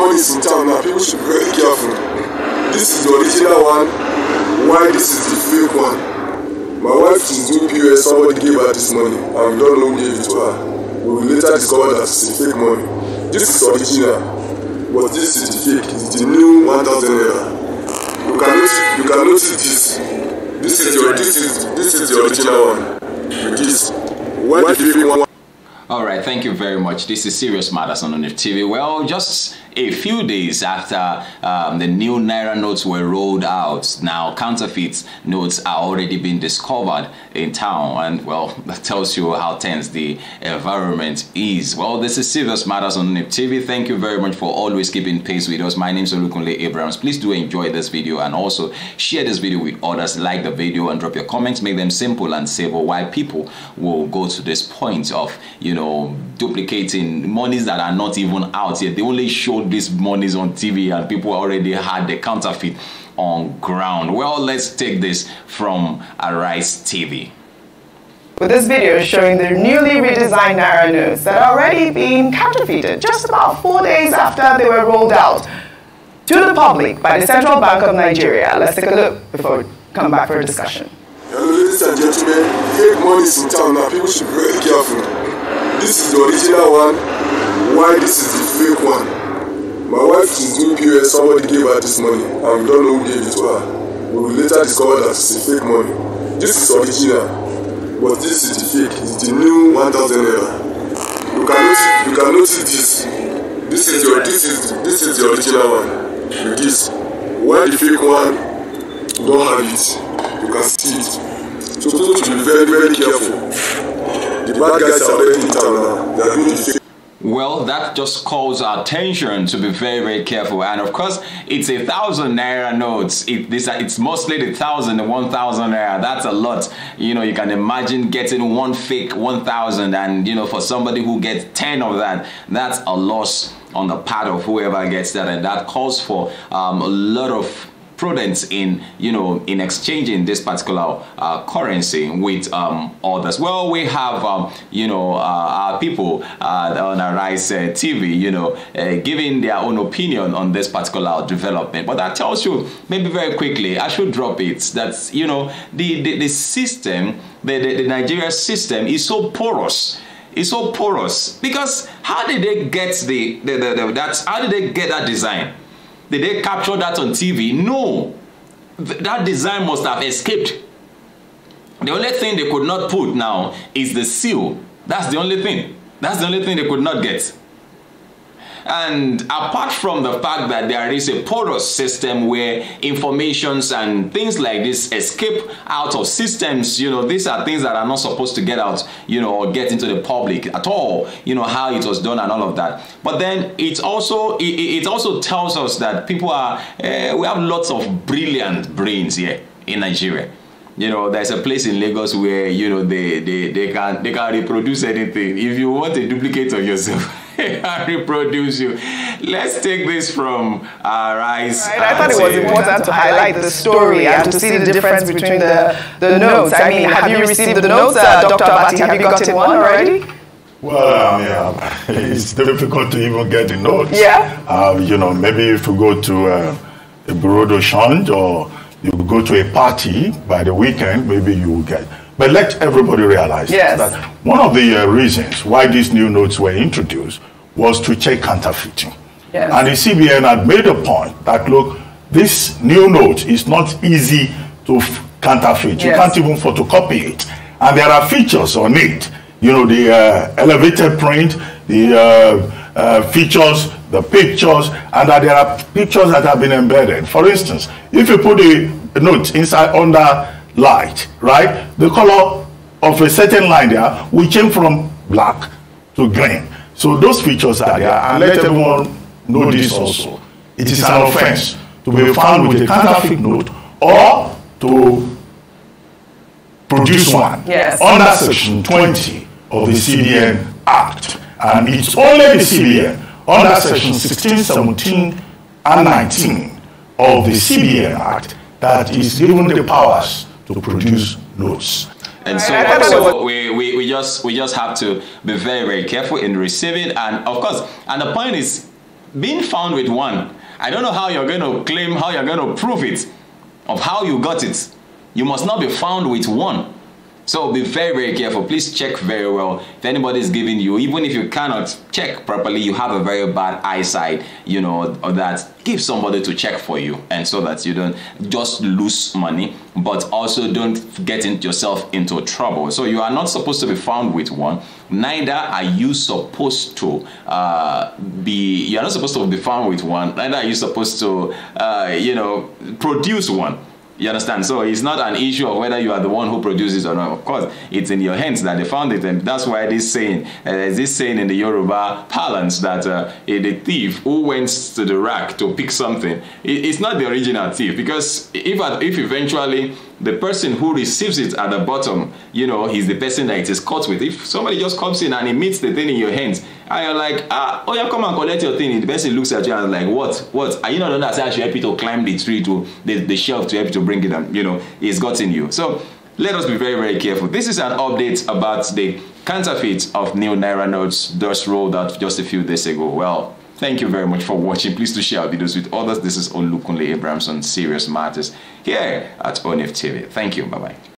money is in town now, people should be very careful. This is the original one, why this is the fake one. My wife is doing POS, somebody gave her this money, and we don't know who gave it to her. We will later discover that it's fake money. This is original, but this is the fake, it's the new 1000 naira. You can notice, you can notice this. This is your, this is, this is the original one. With this, why the fake one? All right, thank you very much. This is Serious Matters on the TV. Well, just a few days after um, the new naira notes were rolled out. Now, counterfeit notes are already being discovered in town, and well, that tells you how tense the environment is. Well, this is Serious Matters on NIP TV. Thank you very much for always keeping pace with us. My name is Olukunle Abrams. Please do enjoy this video and also share this video with others. Like the video and drop your comments. Make them simple and simple why people will go to this point of, you know, duplicating monies that are not even out yet. They only show this these monies on TV and people already had the counterfeit on ground. Well, let's take this from Arise TV. With this video showing the newly redesigned Naira notes that are already being counterfeited just about four days after they were rolled out to the public by the Central Bank of Nigeria. Let's take a look before we come back for a discussion. Ladies and gentlemen, fake money is in town now. People should be very careful. This is the original one, Why this is the fake one. My wife is doing POS, somebody gave her this money, and we don't know who gave it to her. We will later discover that it's a fake money. This is original, but this is the fake. It's the new 1000 naira. You can notice, you can notice this. This is your, this is, this is the original one. With this, while the fake one don't have it, you can see it. So, so to be very, very careful. The bad guys are already in town now. They are doing the fake. Well, that just calls our attention to be very, very careful. And of course, it's a thousand naira notes. It, this, it's mostly the thousand, the one thousand naira. That's a lot. You know, you can imagine getting one fake one thousand, and you know, for somebody who gets ten of that, that's a loss on the part of whoever gets that, and that calls for um, a lot of prudence in you know in exchanging this particular uh, currency with um, others. Well, we have um, you know uh, our people uh, on Arise uh, TV, you know, uh, giving their own opinion on this particular development. But that tells you maybe very quickly. I should drop it. That's you know the the, the system, the, the the Nigeria system is so porous is so porous because how did they get the, the, the, the how did they get that design Did they capture that on TV? No. that design must have escaped. The only thing they could not put now is the seal. That's the only thing. That's the only thing they could not get. And apart from the fact that there is a porous system where informations and things like this escape out of systems, you know, these are things that are not supposed to get out, you know, or get into the public at all, you know, how it was done and all of that. But then it's also, it, it also tells us that people are, uh, we have lots of brilliant brains here in Nigeria you know there's a place in lagos where you know they they, they can they can reproduce anything if you want a duplicate of yourself I reproduce you. Let's take this from our eyes. Right, I thought it was important to highlight the story and to see the difference between the, the notes. I mean, have you received the notes, uh, Dr. Abati? Have you gotten one already? Well, um, yeah, it's difficult to even get the notes. Yeah. Um, you know, maybe if you go to uh, a bureau de or you go to a party by the weekend, maybe you will get. But let everybody realize yes. that one of the uh, reasons why these new notes were introduced was to check counterfeiting. Yes. And the CBN had made a point that, look, this new note is not easy to counterfeit. Yes. You can't even photocopy it. And there are features on it. You know, the uh, elevated print, the uh, uh, features, the pictures, and that there are pictures that have been embedded. For instance, if you put a note inside under light, right, the color of a certain line there will change from black to green. So those features are there, and let everyone know this also. It is an offense to be found with a counterfeit note or to produce one yes. under Section 20 of the CBN Act. And it's only the CBN under Section 16, 17, and 19 of the CBN Act that is given the powers to produce notes. And so, so we just we just have to be very very careful in receiving and of course and the point is being found with one i don't know how you're going to claim how you're going to prove it of how you got it you must not be found with one so be very, very careful. Please check very well. If anybody's giving you, even if you cannot check properly, you have a very bad eyesight, you know, or that, give somebody to check for you. And so that you don't just lose money, but also don't get in yourself into trouble. So you are not supposed to be found with one. Neither are you supposed to uh, be, you're not supposed to be found with one. Neither are you supposed to, uh, you know, produce one. You understand? So it's not an issue of whether you are the one who produces or not. Of course, it's in your hands that they found it, and that's why this saying, uh, this saying in the Yoruba parlance that uh, the thief who went to the rack to pick something, it's not the original thief because if if eventually the person who receives it at the bottom, you know, he's the person that it is caught with. If somebody just comes in and he meets the thing in your hands, and you're like, ah, oh, yeah, come and collect your thing. The person looks at you and like, what? What? Are you not understand? I should help you to climb the tree to the, the shelf to help you to bring it up. You know, it's gotten you. So let us be very, very careful. This is an update about the counterfeit of new Naira notes just rolled out just a few days ago. Well, Thank you very much for watching. Please do share our videos with others. This is Olukunle on Serious Matters, here at ONF TV. Thank you. Bye-bye.